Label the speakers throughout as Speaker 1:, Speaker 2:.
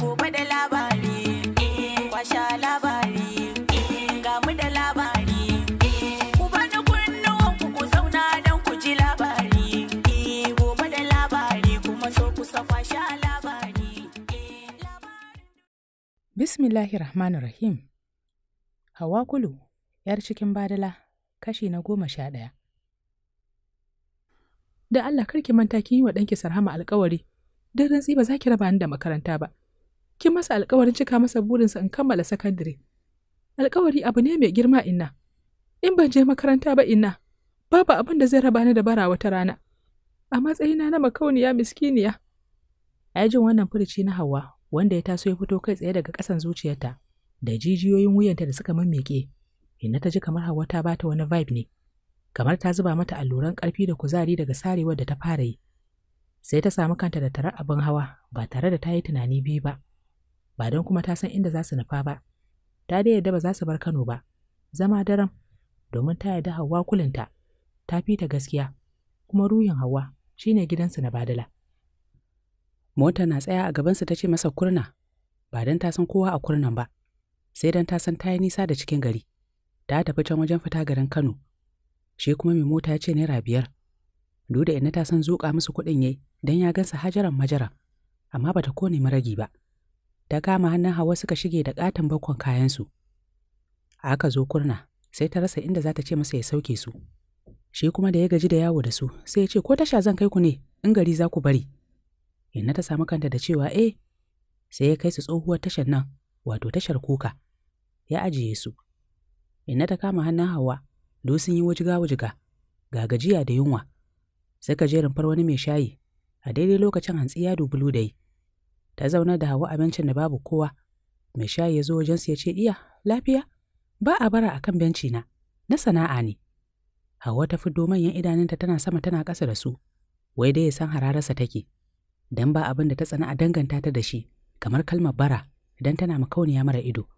Speaker 1: gobe da labari eh, kwasha labari eh, ga mu da labari eh, ku bani kunnuwan ku ku zauna don ku ji labari gobe da labari kuma so ku kwasha labari bismillahir rahmanir rahim hawa kulu yar cikin badala kashi na goma sha ɗaya da Allah karki manta kin yi wa ɗanki sarhama alkawari don rantsi ba za ki raba ni da makaranta ba kin masa alkawarin cika masa burinsa in kammala sakandare. Alkawari abu ne mai girma inna. In ban je makaranta ba inna, babu abin da zai raba ni da bara wata rana. A matsayina na makauniya miskiniya. A jin wannan furici na Hauwa, wanda ya taso ya fito kai tsaye daga ƙasan zuciyarta, da jijiyoyin wuyanta da suka mammeke. inna ta ji kamar Hauwa ta bata wani vibe ne, kamar ta zuba mata alluran ƙarfi da kuzari daga sarewar da ta fara yi. Sai ta samu kanta da tare abin hawa ba tare da ta yi tunani biyu ba. ba don kuma ta san inda za su nufa ba ta dai yadda ba za su bar Kano ba zama daren. domin ta yarda Hauwa kulinta ta fita gaskiya kuma ruhin Hauwa shine gidansu na Badala mota na tsaya a gabansu ta ce masa kurna ba don ta san kowa a kurnan ba sai don ta san ta yi nisa da cikin gari ta tafi can wajen fita garin Kano shi kuma mai mota ya ce naira biyar Duda da ta san zuƙa musu kuɗin yayi don ya gansa hajaran majara amma bata kone maragi ba ta kama hannun hawa suka shige da katon bakon kayansu. A aka zo kurna, sai ta rasa inda za ta ce masa ya sauke su. Shi kuma da ya gaji da yawo da su, sai ya ce ko tasha zan kai ku ne, in gari za ku bari. Inna ta samu kanta da cewa eh, sai ya kai su tsohuwar tashar nan, wato tashar kuka. Ya ajiye su. Inna ta kama hannun hawa, duk sun yi wajiga-wajiga, ga gajiya da yunwa. Sai ka je rumfar wani mai shayi, a daidai lokacin hantsi ya dubi dai ta zauna da hawa abincin da babu kowa mai shayi ya zo wajensu ya ce iya lafiya ba a bara akan benci na na sana'a ne hawa ta do manyan idanunta tana sama tana kasa da su wai dai ya san hararsa take dan ba abin da ta tsana a danganta ta da shi kamar kalmar bara idan tana makauniya mara ido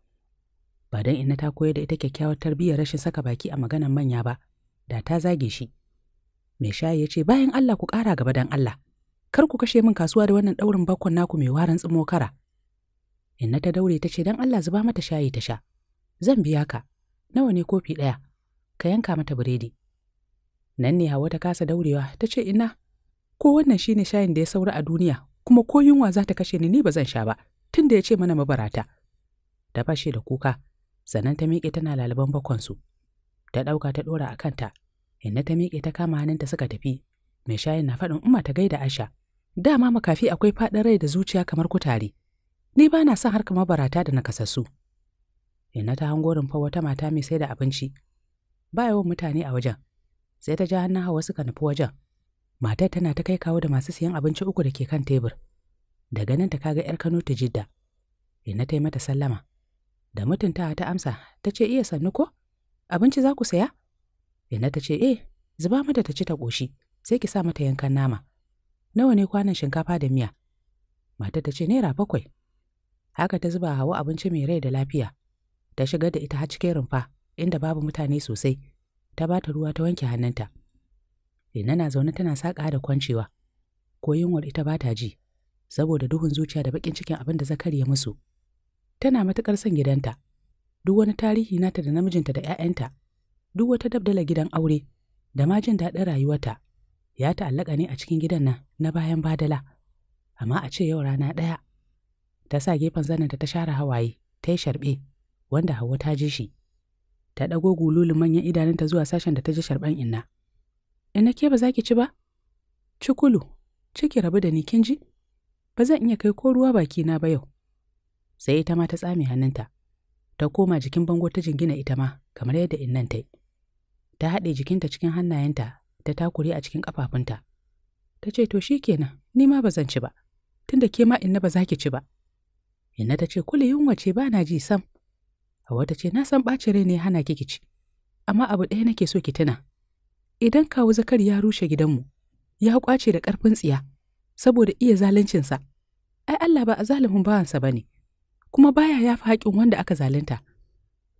Speaker 1: ba dan ina ta koyar da ita kyakkyawar tarbiyyar rashin saka baki a maganar manya ba da ta zage shi mai shayi ya ce bayan Allah ku ƙara gaba dan Allah kar ku kashe min kasuwa da wannan daurin bakon naku mai warin tsimo Inna ta daure ta ce don Allah zuba mata shayi ta sha. Zan biya ka, nawa ne kofi ɗaya, ka yanka mata biredi. Nan ne Hawa ta kasa daurewa ta ce ina, ko wannan shine shayin da ya saura a duniya kuma ko yunwa za ta kashe ni ni ba zan sha ba tunda da ya ce mana mabarata. Ta fashe da kuka, sannan ta miƙe tana lalaban su. Ta ɗauka ta ɗora a kanta, inna ta miƙe ta kama hannunta suka tafi, mai shayin na faɗin umma ta gaida Aisha. Dama makafi akwai faɗin rai da zuciya kamar kutare. Ni ba na son harka mabarata da nakasassu. Ina ta hangorin fa wata mata mai sai da abinci. Ba yawan mutane a wajen. Sai ta ja hannun hawa suka nufi wajen. Matar tana ta kai kawo da masu siyan abinci uku da ke kan tebur. da nan ta kaga 'yar Kano ta jidda. Ina ta yi mata sallama. Da mutunta ta amsa, ta ce iya sannu ko? Abinci za ku saya? Ina ta ce eh, zuba mata ta ci ta ƙoshi, sai ki sa mata yankan nama. nawa ne kwanan shinkafa da miya matar ta ce naira bakwai haka ta zuba hawa abinci mai rai da lafiya ta shigar da ita har cikin rumfa inda babu mutane sosai ta ba ta ruwa ta wanke hannunta Lina na zaune tana saƙa da kwancewa ko yunwar ita ba ta ji saboda duhun zuciya da baƙin cikin abin da zakari ya musu tana matuƙar son gidanta duk wani tarihi nata da namijinta da 'ya'yanta duk wata dabdala gidan aure da ma jin daɗin rayuwarta ya ta'allaka ne a cikin gidan nan na bayan badala amma a ce yau rana ɗaya ta sa gefen zanenta ta share hawaye ta yi sharɓe wanda hawa ta ji shi ta ɗago gululin manyan idanunta zuwa sashen da ta ji sharɓen inna Ina ke ba za ki ci ba cikulu ciki rabu da ni kin ji ba zan iya kai ko ruwa baki na ba yau sai ita ma ta tsame hannunta ta koma jikin bango ta jingina ita ma kamar yadda innan ta yi ta haɗe jikinta cikin hannayenta da takure a cikin ƙafafunta. Ta ce, To shi kenan, ni ma ba zan ci ba, tunda ke ma inna ba za ki ci ba. Inna ta ce, Kuli yunwa ce ba na ji sam. Hawa ta ce, Na san ɓaci rai ne hana ki ci, amma abu ɗaya nake so ki tuna. Idan kawu zakar ya rushe gidanmu, ya ƙwace da ƙarfin tsiya, saboda iya zaluncinsa. Ai Allah ba a zalumin bawansa ba ne, kuma baya yafi haƙin wanda aka zalunta.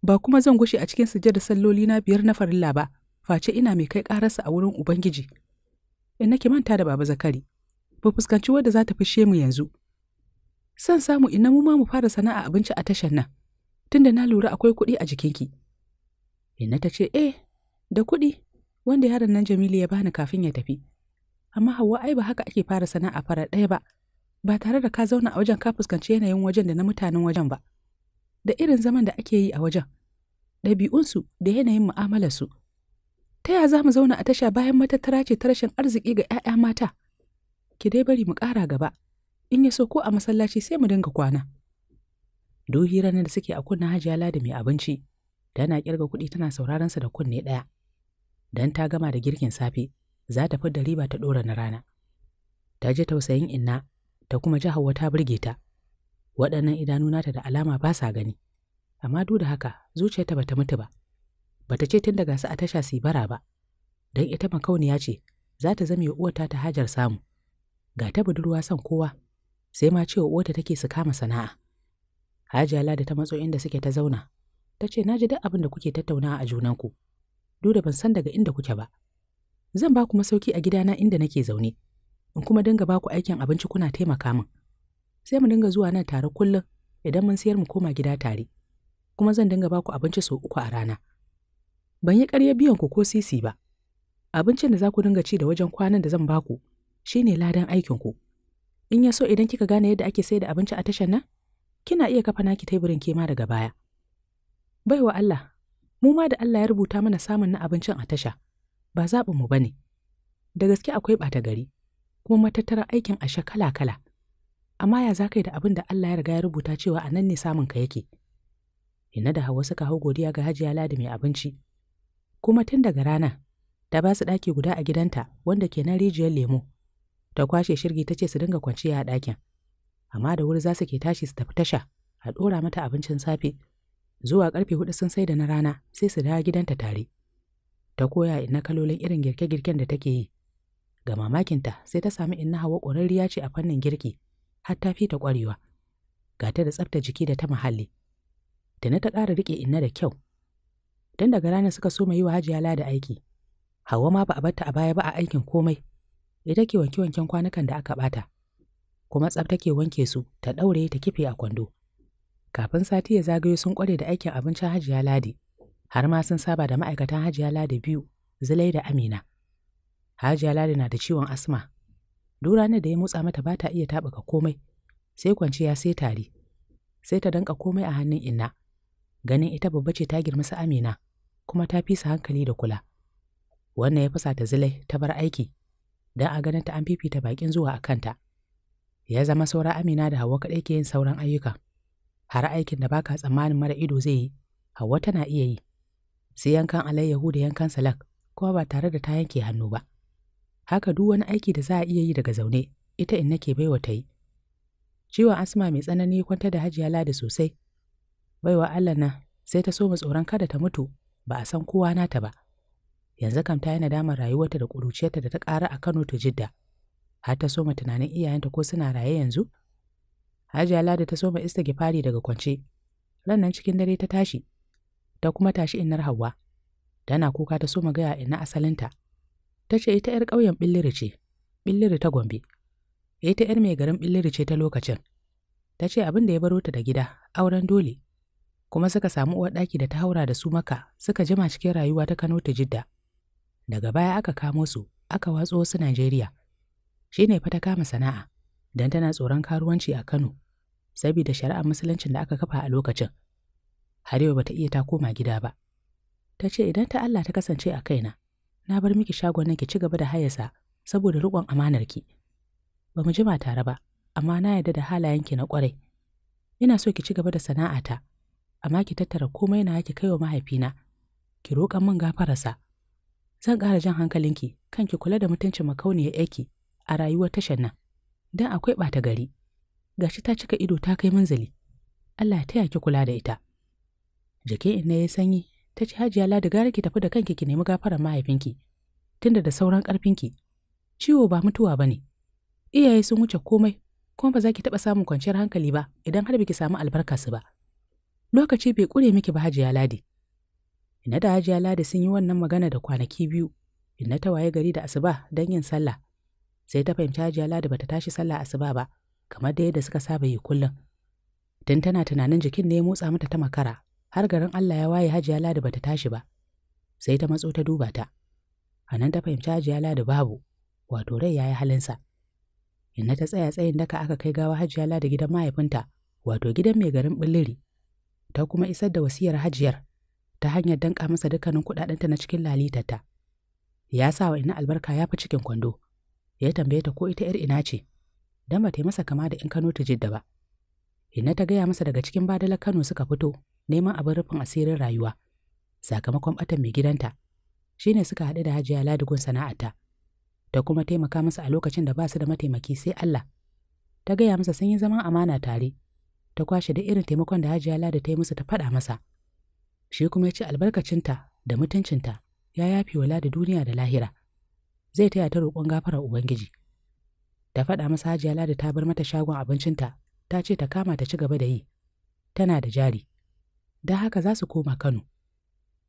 Speaker 1: Ba kuma zan gushe a cikin sujjada salloli na biyar na farilla ba, face ina mai kai ƙararsa a wurin Ubangiji. In nake manta da Baba Zakari, ba fuskanci wadda za ta fishe mu yanzu. San samu ina mu ma mu fara sana'a abinci a tashan nan, tunda na lura akwai kuɗi a jikinki. Inna ta ce, eh, da kuɗi, wanda yaron nan Jamilu ya bani kafin ya tafi. Amma Hauwa ai ba haka ake fara sana'a fara ɗaya ba, ba tare da ka zauna a wajen ka fuskanci yanayin wajen da na mutanen wajen ba. Da irin zaman da ake yi a wajen, ɗabi'unsu da yanayin mu'amalarsu. su. ta ya za mu zauna a tasha bayan matattara ce ta rashin arziki ga 'ya'ya mata ki dai bari mu ƙara gaba in ya so ko a masallaci sai mu dinga kwana dohi ranar da suke a kunna hajiya lada mai abinci tana kirga kuɗi tana sauraron sa da kunne ɗaya dan ta gama da girkin safe za ta fidda riba ta ɗora na rana ta ji tausayin inna ta kuma ji hawa ta burge ta waɗannan idanu nata da alama ba sa gani amma duk da haka zuciyarta ba ta mutu ba Ba ta ce tun da su a tasha su bara ba don ita makauniya ce za ta zame uwata ta hajar samu ga ta budurwa son kowa sai ma cewa uwata take su kama sana'a hajiya lada ta matso inda suke ta zauna ta ce na ji duk abin da kuke tattaunawa a junanku duk da ban san daga inda kuke ba zan ba ku masauki a gidana inda nake zaune in kuma dinga ba ku aikin abinci kuna taimaka min sai mu dinga zuwa nan tare kullum idan mun sayar mu koma gida tare kuma zan dinga ba ku abinci sau uku a rana ban yi ƙarya biyan ku ko sisi ba. Abincin da za ku dinga ci da wajen kwanan da zan baku shi ne ladan aikinku. In ya so idan kika gane yadda ake sai da abinci a tashar nan, kina iya kafa naki teburin kema daga baya. Baiwa Allah, mu ma da Allah ya rubuta mana samun na abincin a tasha, ba zaɓin mu ba ne. Da gaske akwai ɓata gari, kuma matattarar aikin a kala-kala. Amma ya za kai da abin da Allah ya riga ya rubuta cewa a nan ne samun ka yake. ina da Hawa suka hau godiya ga Hajiya Ladi mai abinci, kuma tun daga rana ta ba su ɗaki guda a gidanta wanda ke na rijiyar lemo ta kwashe shirgi ta ce su dinga kwanciya a ɗakin amma da wuri za su ke tashi su tafi tasha a ɗora mata abincin safe zuwa ƙarfe hudu sun sai da na rana sai su dawo gidanta tare ta koya inna kalolin irin girke-girken da take yi ga mamakinta sai ta samu inna hawa ƙwararriya ce a fannin girki har ta fi ta ƙwarewa ga ta da tsafta jiki da ta muhalli tana ta ƙara riƙe inna da kyau don daga ranar suka so yi wa hajiya lada aiki Hauwa ma ba a batta a baya ba a aikin komai ita ke wanke wanken kwanukan da aka bata kuma tsaftake take wanke su ta ɗaure ta kife a kwando kafin sati ya zagayo sun kware da aikin abincin hajiya ladi har ma sun saba da ma'aikatan hajiya ladi biyu zulai da amina hajiya ladi na da ciwon asma duk ranar da ya motsa mata ba ta iya taɓuka komai sai kwanciya sai tari sai ta danka komai a hannun inna ganin ita babba ce ta girma su Amina, kuma ta fisa hankali da kula. Wannan ya fasa ta zilai ta bar aiki, don a ganin ta an fifita bakin zuwa a kanta. Ya zama saura Amina da Hauwa kaɗai ke yin sauran ayyukan. Har aikin da baka tsammanin mara ido zai yi, Hauwa tana iya yi. Sai yankan alayyahu da yankan salak, kuma ba tare da ta yanke hannu ba. Haka duk wani aiki da za a iya yi daga zaune, ita in nake baiwa ta yi. Ciwon asma mai tsanani kwanta da Hajiya Ladi sosai, Baiwa Allah nan sai ta soma tsoron kada ta mutu ba a san kowa nata ba. Yanzu kam ta yi nadamar rayuwarta da ƙuruciyarta da ta ƙara a Kano ta Jidda. Har ta soma tunanin iyayenta ko suna raye yanzu? Hajiya Ladi ta soma istighfari daga kwance. Rannan cikin dare ta tashi, ta kuma tashi innar Hauwa. Tana kuka ta soma gaya ina asalinta. Ta ce ita ‘yar ƙauyen Billiri ce, Billiri ta Gombe. Ita ‘yar mai garin Billiri ce ta lokacin. Ta ce abin da ya baro ta da gida, auren dole, kuma suka samu uwar ɗaki da ta haura da su maka suka jima cikin rayuwa ta Kano ta Jidda. Daga baya aka kamo su, aka watso su Najeriya. Shi ne fa ta kama sana'a, don tana tsoron karuwanci a Kano, saboda shari'ar musuluncin da aka kafa a lokacin. Har yau bata iya ta koma gida ba. Ta ce idan ta Allah ta kasance a kaina, na bar miki shagon nan ki ci gaba da hayasa saboda riƙon amanarki. Ba mu jima tare ba, amma na yarda da halayenki na ƙwarai. Ina so ki ci gaba da sana'ata, amma ki tattara komai na ki kaiwa mahaifina ki roƙa min gafararsa zan ƙara jan hankalinki kan ki kula da mutuncin makauniya yaki a rayuwar tashar nan dan akwai ɓata gari gashi ta cika ido ta kai zali. Allah ya taya ki kula da ita jakin inna ya sanyi ta ce hajiya ladi gara ki tafi da kanki ki nemi gafarar mahaifinki tunda da sauran ƙarfinki ciwo ba mutuwa ba ne iyaye sun wuce komai kuma ba za ki taɓa samun kwanciyar hankali ba idan har biki samu albarkarsu ba lokaci bai ƙure miki ba hajiya ladi ina da hajiya ladi sun yi wannan magana da kwanaki biyu Inna ta waye gari da asuba don yin sallah sai ta fahimci hajiya ladi bata tashi sallah asuba ba kamar da yadda suka saba yi kullum tun tana tunanin jikin ne ya motsa mata ta makara har garin Allah ya waye hajiya ladi bata tashi ba sai ta matso ta duba ta a nan ta fahimci hajiya ladi babu wato rai ya yi halinsa inna ta tsaya tsayin daka aka kai gawa hajiya ladi gidan mahaifinta wato gidan mai garin Bulliri. ta kuma isar da wasiyar hajiyar ta hanyar danka masa dukkanin kuɗaɗenta na cikin lalitarta. Ya sa wa ina albarka ya fi cikin kwando, ya tambaye ta ko ita ‘yar ina ce, Dan ba ta yi masa kama da in Kano ta jidda ba. Ina ta gaya masa daga cikin badalar Kano suka fito neman abin rufin asirin rayuwa, sakamakon ɓatan mai gidanta, shi ne suka haɗu da hajiya ladugun sana'arta, ta kuma taimaka masa a lokacin da ba su da mataimaki sai Allah. Ta gaya masa sun yi zaman amana tare, ta kwashe da irin taimakon da hajiya lada ta yi musu ta faɗa masa shi kuma ya ci albarkacinta da mutuncinta ya yafe wa lada duniya da lahira zai taya ta roƙon gafarar ubangiji Ta faɗa masa hajiya lada ta bar mata shagon abincinta ta ce ta kama ta ci gaba da yi tana da jari Da haka za su koma kano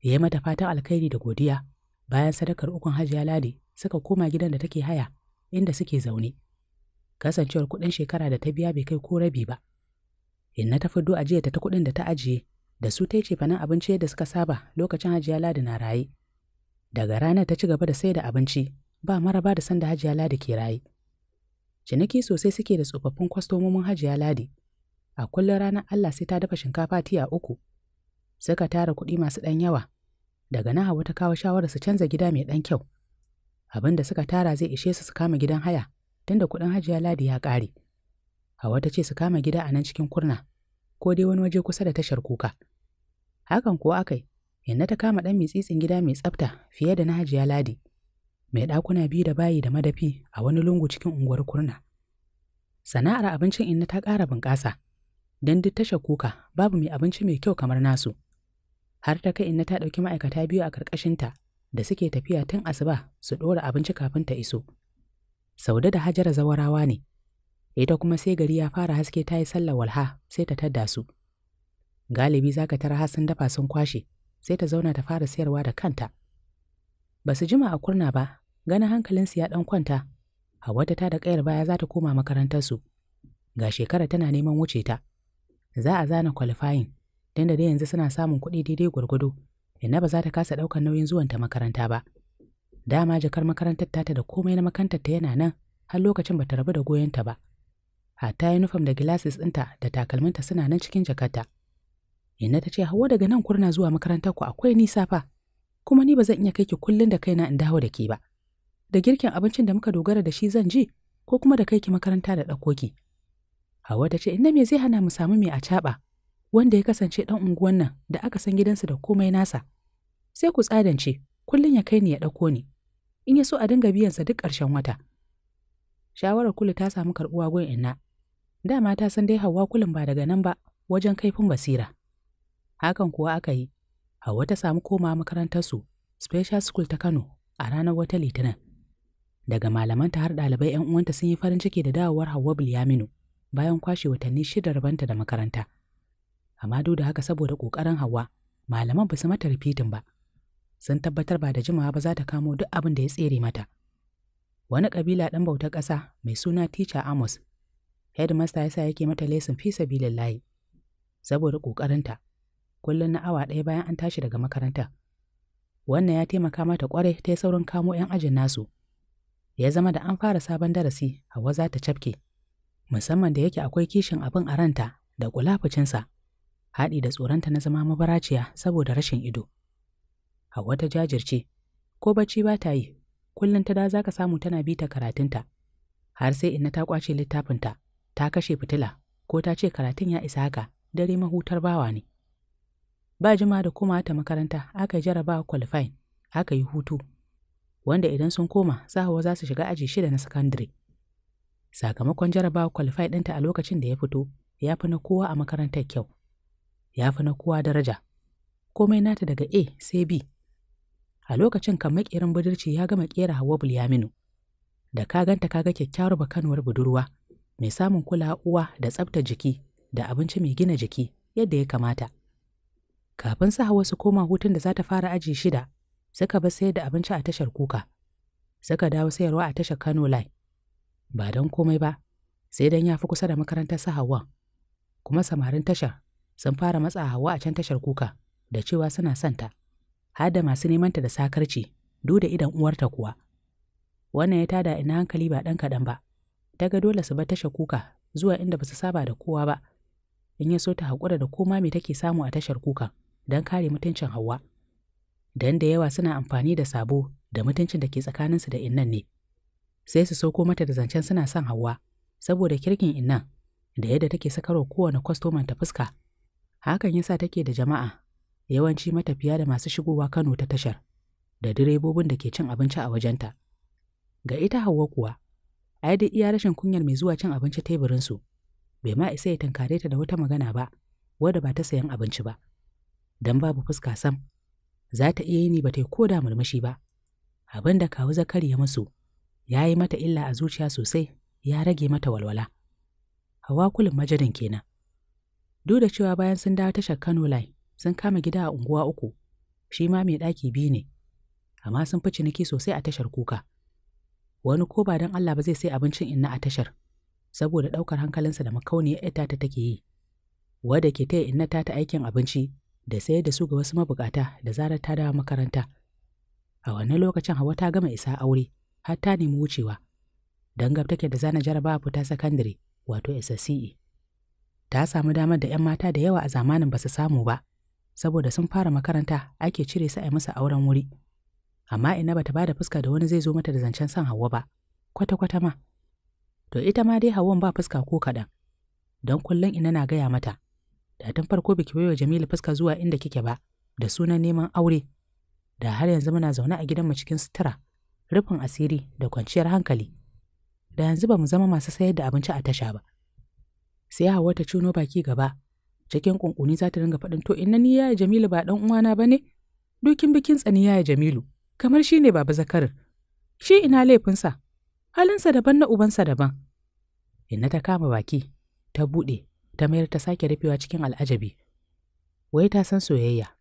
Speaker 1: ya yi mata fatan alkhairi da godiya bayan sadakar ukun hajiya ladi suka koma gidan da take haya inda suke zaune kasancewar kuɗin shekara da ta biya bai kai ko rabi ba Inna ta fiddo ajiyarta ta kuɗin da ta ajiye, da su ta ce fanan abinci yadda suka saba lokacin hajiya ladi na raye. Daga ranar ta ci gaba da sai da abinci, ba maraba da sanda hajiya ladi ke raye. Ciniki sosai suke da tsofaffin kwastomomin hajiya ladi. A kullum ranar Allah sai ta dafa shinkafa tiya uku. Suka tara kuɗi masu ɗan yawa. Daga na Hauwa ta kawo shawarar su canza gida mai ɗan kyau. Abin da suka tara zai ishe su su kama gidan haya, tunda kuɗin hajiya ladi ya ƙare. Hawa ta ce su kama gida a nan cikin kurna, ko dai wani waje kusa da tashar kuka. Hakan kuwa akai, Yanna ta kama ɗan mitsitsin gida mai tsafta fiye da na Hajiya Ladi, mai ɗakuna biyu da bayi da madafi a wani lungu cikin unguwar kurna. Sana'ar abincin Inna ta ƙara bunƙasa, don duk tashar kuka babu mai abinci mai kyau kamar nasu. Har ta kai Inna ta ɗauki ma'aikata biyu a ƙarƙashinta da suke tafiya tun asuba su ɗora abinci kafin ta iso. Saude da Hajara zawarawa ne, ita kuma sai gari ya fara haske ta yi sallar walha sai ta tadda su. Galibi za ka tara sun dafa sun kwashe, sai ta zauna ta fara sayarwa da kanta. Ba su jima a kurna ba, ganin hankalinsu ya ɗan kwanta, Hauwa ta da ƙayar baya za ta koma makarantarsu. Ga shekara tana neman wuce ta. Za a zana kwalifayin, don da yanzu suna samun kuɗi daidai gwargwado, inna ba za ta kasa ɗaukar nauyin zuwanta makaranta ba. Dama jakar makarantar ta da komai na makantarta yana nan, har lokacin ba ta rabu da ta ba. hatta nufam da glasses ɗinta da takalminta suna nan cikin jakarta. Inna ta ce hawa daga nan kurna zuwa makarantar ku akwai nisa fa, kuma ni ba zan iya kai ki kullum da kaina in dawo da ke ba. Da girkin abincin da muka dogara da shi zan ji ko kuma da kai ki makaranta da ɗauko ki. Hawa ta ce inna me zai hana mu samu mai a caɓa wanda ya kasance ɗan unguwan nan da aka san gidansa da komai nasa. Sai ku tsadance kullum ya kai ni ya ɗauko ni. In ya so a dinga biyansa duk ƙarshen wata. Shawarar kulu ta samu karɓuwa gun inna Dama ta san dai Hauwa kulun ba daga nan ba, wajen kaifin basira. Hakan kuwa aka yi, Hauwa ta samu koma makarantarsu, Special School ta Kano, a ranar wata Litinin. Daga malamanta har ɗalibai 'yan uwanta sun yi farin ciki da dawowar Hauwa Bilyaminu bayan kwashe watanni shida rabanta da makaranta. Amma duk da haka saboda ƙoƙarin Hauwa, malaman ba su mata rifitin ba. Sun tabbatar ba da jimawa ba za ta kamo duk abin da ya tsere mata. Wani ƙabila ɗan bautar ƙasa mai suna Teacher Amos headmaster ya sa yake mata lesson fi sabilillahi saboda ƙoƙarinta kullum na awa ɗaya bayan an tashi daga makaranta wannan ya taimaka mata ƙwarai ta yi saurin kamo 'yan ajin nasu ya zama da an fara sabon darasi Hauwa za ta cafke musamman da yake akwai kishin abin a ranta da kulafucinsa haɗi da tsoronta na zama mabaraciya saboda rashin ido Hauwa ta jajirce ko bacci ba ta yi kullum ta da za ka samu tana bi ta karatunta har sai ina ta kwace littafinta ta kashe fitila ko ta ce karatun ya isa haka dare mahutar bawa ne ba jima da kuma ta makaranta aka jaraba qualifying aka yi hutu wanda idan sun koma sahawa za su shiga aji shida na sakandare sakamakon jaraba qualify ɗinta a lokacin da ya fito ya fi na kowa a makarantar kyau ya fi na kowa daraja komai nata daga a sai b a lokacin kan makerin budurci ya gama kera hawa bulyaminu da ka ganta kaga kyakkyawar bakanuwar budurwa mai samun kula uwa da tsafta jiki da abinci mai gina jiki yadda ya kamata. Kafin su hawa su koma hutun da za ta fara aji shida, suka bi sayar da abinci a tashar kuka. Suka dawo sayarwa a tashar Kano Line. Ba don komai ba, sai don ya fi kusa da makarantar su Hawan. Kuma samarin tashar sun fara matsa Hawa a can tashar kuka da cewa suna son ta. Har da masu nemanta da sakarci, duk da idan uwarta kuwa. Wannan ya tada ina hankali ba ɗan kaɗan ba. ta ga dole su bar tashar kuka zuwa inda ba su saba da kowa ba in ya so ta haƙura da koma me take samu a tashar kuka don kare mutuncin Hauwa. Dan da yawa suna amfani da sabo da mutuncin da ke tsakaninsu da innan ne. Sai su sauko mata da zancen suna son Hauwa saboda kirkin innan da yadda take sakarwa kowane kwastoman ta fuska. Hakan yasa take da jama'a yawanci matafiya da masu shigowa Kano ta tashar da direbobin da ke cin abinci a wajenta. Ga ita Hauwa kuwa a dai iya rashin kunyar mai zuwa cin abinci teburinsu bai ma isa ya tankare ta da wata magana ba wadda ba ta sayan abinci ba dan babu fuska sam za ta iya yi ni ba ta yi ko da murmushi ba abin da kawu zakari ya musu ya yi mata illa a zuciya sosai ya rage mata walwala hawa kulin majadin kenan duk da cewa bayan sun dawo tashar kano line sun kama gida a unguwa uku shi ma mai ɗaki biyu ne amma sun fi ciniki sosai a tashar kuka wani ko ba don Allah ba zai sai abincin inna a tashar saboda ɗaukar hankalinsa da makauniyar ita ta take yi wadda ke taya inna ta ta aikin abinci da sayar da su ga wasu mabukata da zarar ta dawo makaranta a wannan lokacin hawa ta gama isa aure har ta nemi wucewa don gab take da zana jarabawa fita sakandare wato SSCE ta samu damar da 'yan mata da yawa a zamanin ba su samu ba saboda sun fara makaranta ake cire su a yi musu auren wuri. amma ina bata da fuska da wani zai zo mata da zancen son Hauwa ba, kwata-kwata ma. To ita ma dai hawan ba fuska ko kaɗan, don kullum ina na gaya mata, da tun farko biki baiwa Jamilu fuska zuwa inda kike ba, da sunan neman aure, da har yanzu muna zaune a gidanmu cikin sutura, rufin asiri da kwanciyar hankali. Da yanzu ba mu zama masu sayar da abinci a tasha ba. Sai Hauwa ta cuno baki gaba, cikin ƙunƙuni za ta ringa faɗin to inna ni yaya Jamilu ba dan uwana ba ne? Dukin bikin tsani yaya Jamilu. kamar shi ne baba zakarin shi ina laifinsa halinsa daban na ubansa daban inna ta kama baki ta buɗe ta mayar ta sake rufewa cikin al'ajabi wai ta san soyayya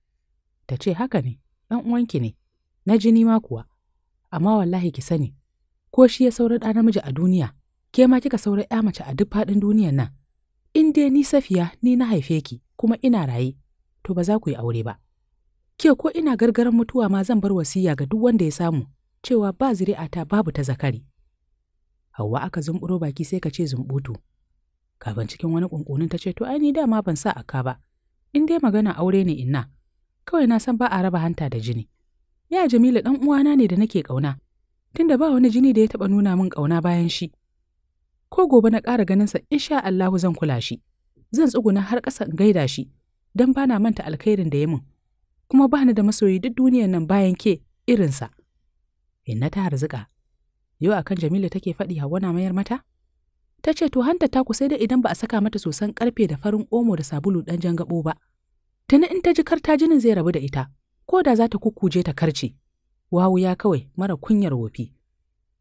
Speaker 1: ta ce haka ne ɗan uwanki ne na jini ma kuwa amma wallahi ki sani ko shi ya saura ɗa namiji a duniya ke ma kika saura ya mace a duk faɗin duniyan nan in dai ni safiya ni na haife ki kuma ina raye to ba za ku yi aure ba ke ko ina gargaran mutuwa ma zan bar wasiya ga duk wanda ya samu cewa ba ta babu ta zakari. Hauwa aka zumburo baki sai ka ce zumbutu. Kafin cikin wani ƙunƙunin ta ce to ai ni dama ban sa aka ba. In dai magana aure ne inna. Kawai na san ba a raba hanta da jini. Ya Jamilu ɗan uwana ne da nake ƙauna. Tunda ba wani jini da ya taɓa nuna min ƙauna bayan shi. Ko gobe na ƙara ganinsa insha Allahu zan kula shi. Zan tsuguna har ƙasa in gaida shi. Don na manta alkhairin da ya min. kuma ba ni da masoyi duk duniyar nan bayan ke irinsa. Inna ta harzika. yau akan Jamilu take faɗi hawa na mayar mata? ta ce to hanta ta ku sai da idan ba a saka mata sosan ƙarfe da farin omo da sabulu dan jan gaɓo ba. Tana in ta ji ta jinin zai rabu da ita, ko da za ta kukkuje ta karce. Wawu ya kawai mara kunyar wofi.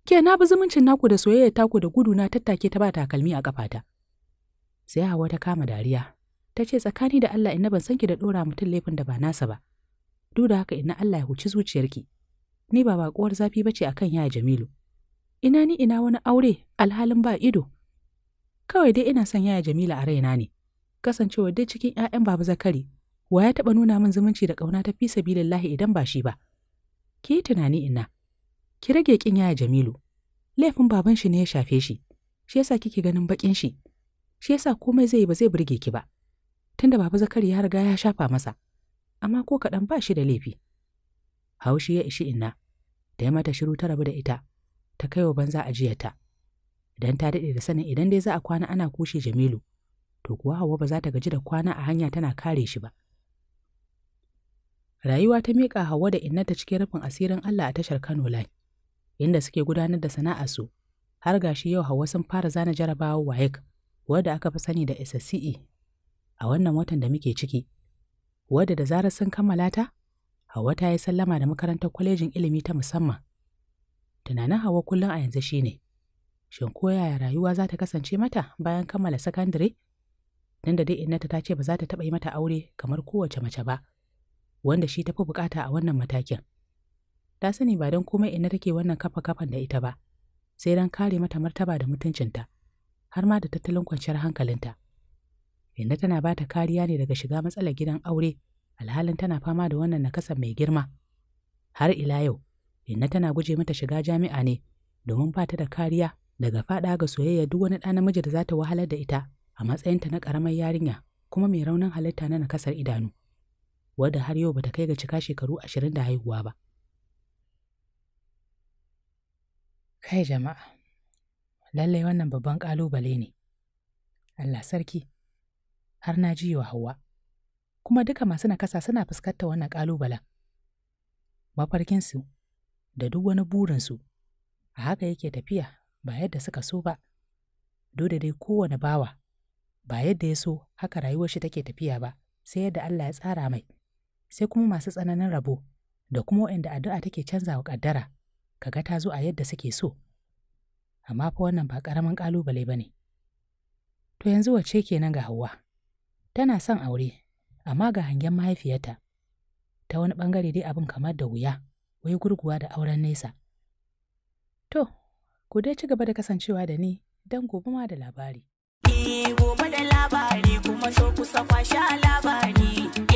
Speaker 1: Ke na bi zumuncin naku da soyayya taku da gudu na tattake ta ba takalmi a kafata. Sai Hawa ta kama dariya, ta ce tsakani da Allah inna ban san ki da dora mutum laifin da ba nasa ba. duk da haka ina Allah ya huci zuciyarki ni ba baƙuwar zafi ba ce akan yaya Jamilu ina ni ina wani aure alhalin ba ido kawai dai ina son yaya Jamila a raina ne kasancewa dai cikin 'ya'yan baba Zakari wa ya taɓa nuna min zumunci da ƙauna ta fi sabilillahi idan ba shi ba ki tunani ina ki rage ƙin yaya Jamilu laifin baban shi ne ya shafe shi shi yasa kike ganin baƙin shi shi yasa komai zai ba zai burge ki ba tunda baba Zakari ya riga ya shafa masa amma ko kaɗan ba shi da laifi. Haushi ya ishi inna, da ya mata shiru ta rabu da ita, ta kai wa banza ajiyata Idan ta daɗe da sanin idan dai za a kwana ana kushe Jamilu, to kuwa Hauwa ba za ta gaji da kwana a hanya tana kare shi ba. Rayuwa ta miƙa Hauwa da inna ta cikin rufin asirin Allah a tashar Kano Line, inda suke gudanar da sana'a su, har gashi yau Hauwa sun fara zana jarabawa WAEC, wadda aka fi sani da SSCE, a wannan watan da muke ciki. wadda da zarar sun kammala ta, Hawa ta yi sallama da makarantar kwalejin ilimi ta musamman. Tunanin Hawa kullum a yanzu ne shin ko yaya rayuwa za ta kasance mata bayan kammala sakandare? Nan da dai innata ta ce ba za ta taɓa yi mata aure kamar kowace mace ba, wanda shi tafi bukata a wannan matakin. Ta sani ba don komai inna take wannan kafa kafan da ita ba, sai don kare mata martaba da mutuncinta, har ma da tattalin kwanciyar hankalinta. Inda tana ba ta kariya ne daga shiga matsalar gidan aure, alhalin tana fama da wannan nakasar mai girma. Har ila yau, Inna tana guje mata shiga jami'a ne, domin ba ta da kariya daga faɗa ga soyayya duk wani ɗan namiji da za ta wahalar da ita a matsayinta na ƙaramar yarinya kuma mai raunin halitta na nakasar idanu, wadda har yau bata kai ga cika shekaru ashirin da haihuwa ba. Kai jama'a, lallai wannan babban ƙalubale ne. Allah sarki. har na ji wa Hauwa. Kuma duka masu nakasa suna fuskantar wannan ƙalubalen. Mafarkinsu da duk wani burinsu a haka yake tafiya ba yadda suka so ba. Dole dai kowane bawa ba yadda ya so haka rayuwar shi take tafiya ba sai yadda Allah ya tsara mai. Sai kuma masu tsananin rabo da kuma waɗanda addu'a take canza wa ƙaddara ga ta zo a yadda suke so. Amma fa wannan ba ƙaramin ƙalubale ba ne. To yanzu wace kenan ga Hauwa? Tana son aure, amma ga hangen mahaifiyarta. Ta wani ɓangare dai abin kamar da wuya, wai gurguwa da auren nesa. To, ku dai ci gaba da kasancewa da ni don gobe ma da labari. Eh, gobe da labari kuma so kusa kwashe labari.